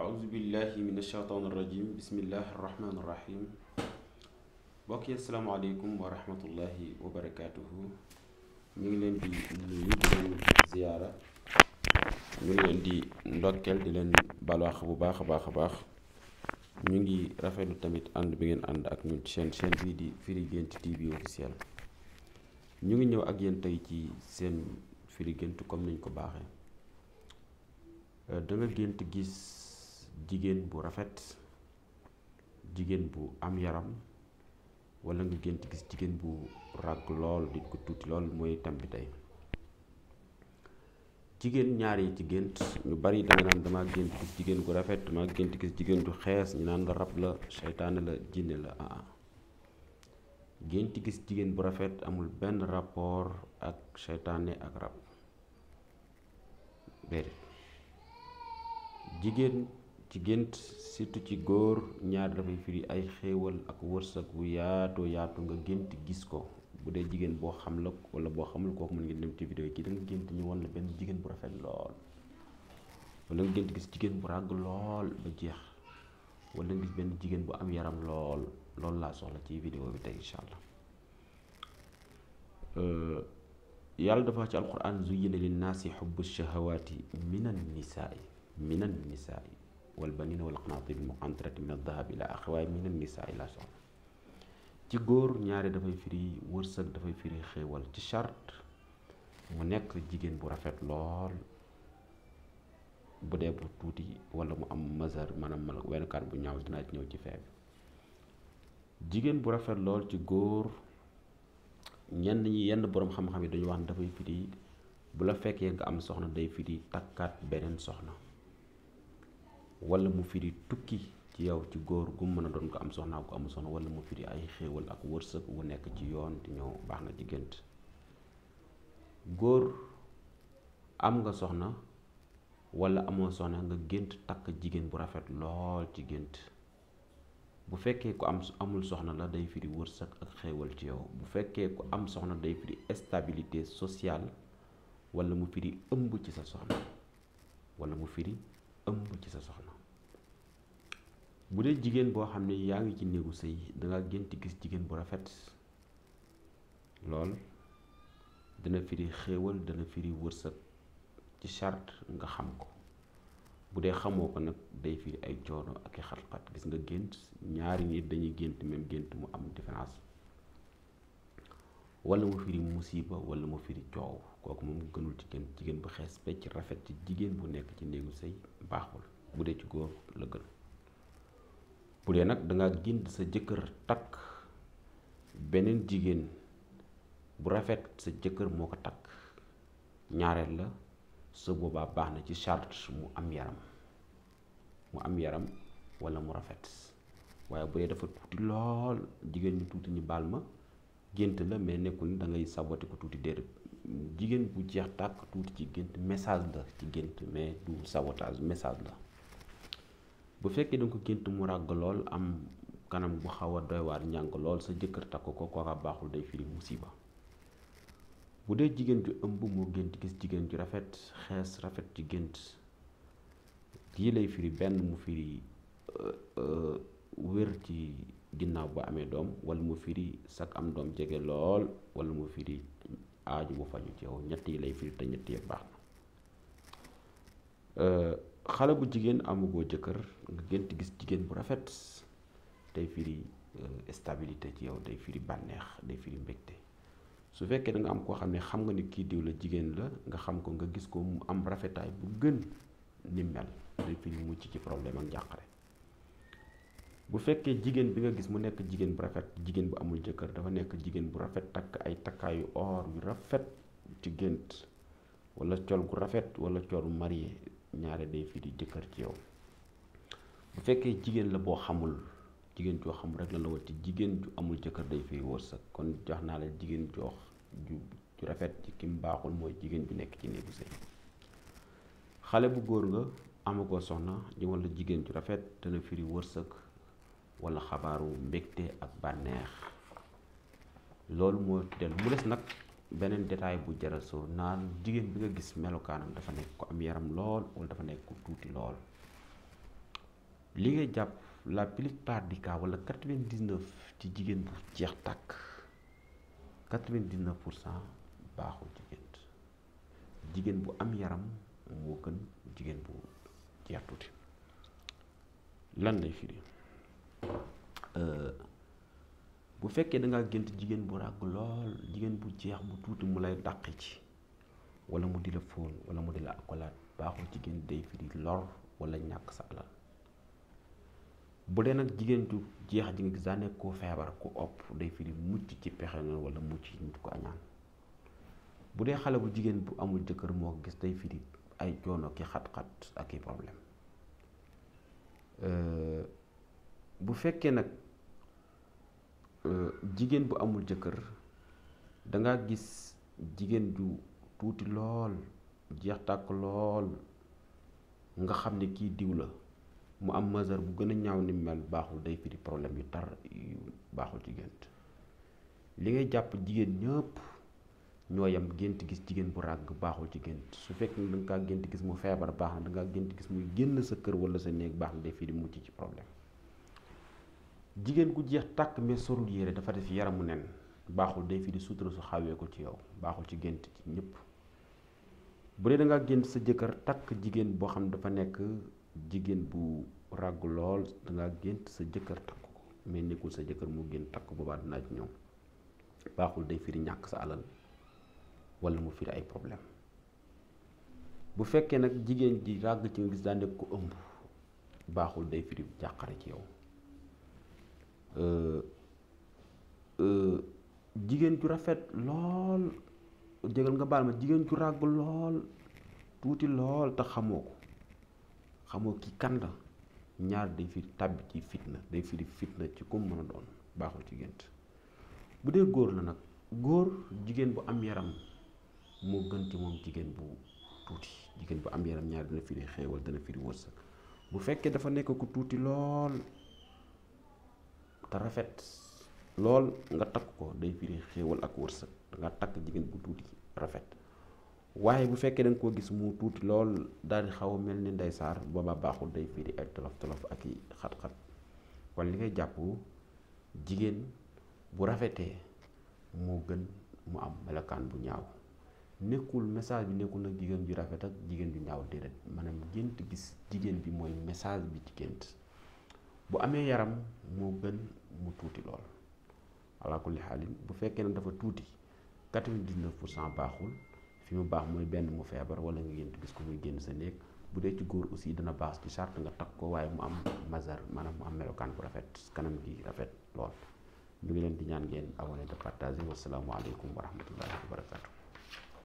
auzu billahi min ashaytaani rajim bismillahi rahmaani rahim mbokk yi asalaamaaleykum wa rahmatullahi ñu ngi leen di nuyu di leen ziyaara ñu ngi leen di ndokkeel di leen balwaax bu baax a baax a baax ñu ngi rafetlu tamit ànd bi ngeen ànd ak ñun seen chaîne bii di Firi Guent TV officiel ñu ngi ñëw ak yéen tey ci seen firi gént comme niñ ko baaxee euh, da nga gis jigéen bu rafet jigéen bu am yaram wala nga gént gis jigéen bu ràgg lool di ko tuuti lool mooy tam bi tey jigéen ñaar yi ci gént ñu bari danga naan dama gént gis jigéen gu rafet dama gént gis jigéen du xees ñu naan la rab la seytaane la jinne la ah, ah. gént gis jigéen bu rafet amul benn rapport ak seytaane ak rab jigéen ci gént surtout ci góor ñaar dafay firi ay xéewal ak wërsëg bu yaato yaatu nga gént gis ko bu dee jigéen boo xam la wala boo xamul kooku mën ngeen dem ci vidéo kii da nga gént ñu wan benn jigéen bu rafet lool wala nga gént gis jigéen bu ràgg lool ba jeex wala nga gis benn jigéen bu am yaram lool loolu laa soxla ci vidéo bi tey incha allah euh, yàlla dafa ci alquran zuyyina yi xubbu shahawaati minan nisaai minan yi wal banina wal qanatir al muqantarati min adahab ila axi waaye min annisa ila soxna ci góor ñaare dafay firi wërsëg dafay firi xéewal ci chart mu nekk jigéen bu rafet lool bu dee bu tuuti wala mu am mazar maanaam mal wenkaat bu ñaaw dinaa ci ñëw ci feeb jigéen bu rafet lool ci góor ñenn ñi yenn boroom xam-xam yi dañu wax ne dafay firi bu la fekkee nga am soxna day firi takkaat beneen soxna wala mu firi tukki ci yow ci góor gu mën a doon ko am soxnaa ko amul soxna wala mu firi ay xéewal ak wërsëg wu nekk ci yoon di ñëw baax na ci gént góor am nga soxna wala amoo soxna nga gént takk jigéen bu rafet lool ci gént bu fekkee ku am amul soxna la day firi wërsëg ak xéewal ci yow bu fekkee ku am soxna day firi stabilité sociale walla mu firi ëmb ci sa soxna wala mu firi ëmb ci sa soxna bu dee jigéen boo xam ne yaa ngi ci néegu sëy danga gént gis jigéen bu rafet lool dana firi xéewal dana firi wërsëg ci charte nga xam ko bu dee xamoo ko nag day firi ay coono ak i xat-xat gis nga gént ñaari nit dañuy gént même gént mu am différence wala mu firi musiba wala mu firi coow kooku moom gënul ci kenn jigéen bu xees pecc rafet ci jigéen bu nekk ci néegu sëy baaxul bu dee ci góor la gën bu dee nag danga jënd sa jëkkër takk beneen jigéen bu rafet sa jëkkër moo ko takk ñaareel la sa boobaa baax na ci charte mu am yaram mu am yaram walla mu rafet waaye bu dee dafa tuuti lool jigéen ñu tuuti ñu baal ma gént la mais nekkul ni da ngay saboté ko tuuti déedéet jigéen bu jeex tàkk tuuti ci gént message la ci gént mais du sabotage message la bu fekkee danga ko gént mu ràgg lool am kanam bu xaw a doy waar njàng lool sa jëkkër takk ko kooka baaxul day firi musiba bu dee jigéen ju ëmb moo gént gis jigéen ju rafet xees rafet ci gént lii lay firi benn mu firi euh, euh, wér ci ginnaaw ba amee doom wala mu firi sag am doom jege lool wala mu firi aaju bu faju ci yow ñett yi lay firi te ñett yi baax na euh, xale bu jigéen amagoo jëkkër nga gént gis jigéen bu rafet tey firi euh, stabilité ci yow day firi bànneex day firi mbégte su fekkee danga am koo xam ne xam nga ni kii diw la jigéen la nga xam ko nga gis ko mu am rafetaay bu gën ni mel day firi mucc ci problème ak njàqare bu fekkee jigéen bi nga gis mu nekk jigéen bu rafet jigéen bu amul jëkkër dafa nekk jigéen bu rafet takk ay takkaayu or yu rafet ci gént wala col gu rafet wala colu marié ñaare day fii di jëkkër ci yow bu fekkee jigéen la boo xamul jigéen joo xamul rek la la wati jigéen ju amul jëkkër day fii wërsëg kon jox naa la jigéen joo ju rafet ci kim baaxul mooy jigéen ju nekk ci néegu sëy xale bu góor nga amagoo soxna ñu walla jigéen ju rafet dana firi wërsëg wala xabaaru mbegte ak bànneex loolu moo tuddeel mu des nag beneen détail bu jara soo naan jigéen bi nga gis melokaanam dafa nekk ku am yaram lool wala dafa nekk ku tuuti lool li ngay jàpp la plupart du cas wala quatre-vingt-dix-neuf ci jigéen bu jeex tàkk quatre-vingt-dix-neuf pour cent baaxul jigéen jigéen bu am yaram moo gën jigéen bu jeex tuuti lan lay firi Euh, bu fekkee da gént jigéen bu ràgg lool jigéen bu jeex bu tuuti mu lay dàq ci walla mu di la fóon wala mu di la akolaat baaxul jigéen day firi lor wala ñàkk sa alal bu dee nag jigéen ju jeex ji nga gis daa nekk koo feebar ku opp day firi mucc ci pexe na wala mucc ci nit ko añaan bu dee xale bu jigéen bu amul jëkkër moo gis day firi ay coono ki xat-xat ak i problème euh, bu fekkee nag euh, jigéen bu amul jëkkër da nga gis jigéen ju tuuti lool jeex tàkk lool nga xam ni kii diw la mu am mesure bu gën a ñaaw ni mel baaxul day firi problème yu tar yu baaxul ci gént li ngay jàpp jigéen ñëpp ñoo yam gént gis jigéen bu ràgg baaxul ci gént su fekkee ne da kaa gént gis mu feebar baax na da nga gént gis muy génn sa kër wala sa néeg baax na day firi mucc ci problème jigéen ku jeex tàkk mais sorul yére dafa def yaram mu nen baaxul day fi di su xawee ko ci yow baaxul ci gént ci ñépp bu dee da gént sa jëkkër takk jigéen boo xam dafa nekk jigéen bu ràgg lool da gént sa jëkkër takk ko mais nekkul sa jëkkër mu gént takk boobaa dinaa ci ñëw baaxul day firi ñàkk sa alal wala mu firi ay problème bu fekkee nag jigéen ji ràgg ci nga gis daa nekk ko ëmb baaxul day firi jàqare ci yow Euh, euh, jigéen ju rafet lool jégal nga baal ma jigéen ju ràgg lool tuuti lool te xamoo ko xamoo kii kan la ñaar day firi tàbbi ci fitna day firi fitna ci ku mën a doon baaxul ci gént bu dee góor la nag góor jigéen bu am yaram moo gën ci moom jigéen bu tuuti jigéen bu am yaram ñaar dina firi xéewal dana firi wërsëg bu fekkee dafa nekk ku tuuti lool te rafet lool nga takk ko day firi xéewal ak wërsëg danga takk jigéen bu tuuti rafet waaye bu fekkee da nga koo gis mu tuuti lool daal di xaw mel ni ndey saar booba baaxul day firi ay tolof tolof ak i xat-xat kon li ngay jàppu jigéen bu rafetee moo gën mu am melokaan bu ñaaw nekkul message bi nekkul nag jigéen ju rafet ak jigéen ju ñaaw déedéet maanaam gént gis jigéen bi mooy message bi ci gént bu amee yaram moo gën mu tuuti lool ala kulli xaalin bu fekkee ne dafa tuuti quatre-vingt-dix-neuf pour cent baaxul fi mu baax mooy benn mu feebar wala nga gént gis ko muy génn sa néeg bu dee ci góor aussi dana baax ci charte nga takk ko waaye mu am mazar maanaam mu am melokaan bu rafet kanam gi rafet lool ñu ngi leen di ñaan ngeen abonné te partager wasalaamualeykum wa rahmatullahi wa